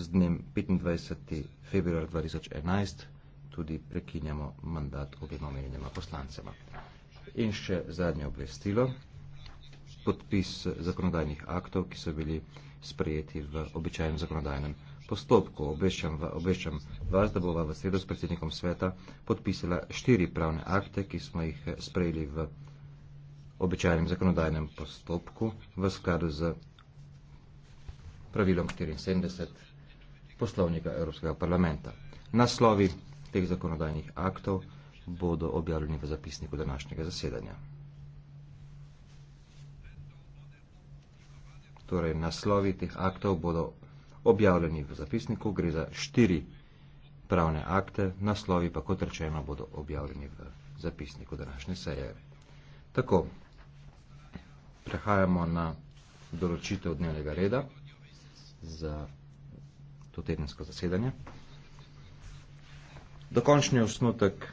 z dnem 25. februar 2011 tudi prekinjamo mandat obema omenjenima poslancema. In še zadnje obvestilo, podpis zakonodajnih aktov, ki so bili sprejeti v običajnem zakonodajnem postopku. Obveščam, obveščam vas, da bova v sredo s predsednikom sveta podpisala štiri pravne akte, ki smo jih sprejeli v običajnem zakonodajnem postopku v skladu z pravilom 74 poslovnika Evropskega parlamenta. Naslovi teh zakonodajnih aktov bodo objavljeni v zapisniku današnjega zasedanja. Torej, naslovi teh aktov bodo objavljeni v zapisniku, gre za štiri pravne akte, naslovi pa, kot rečeno, bodo objavljeni v zapisniku današnje seje. Tako, prehajamo na določitev dnevnega reda za to tedensko zasedanje. Dokončni osnutek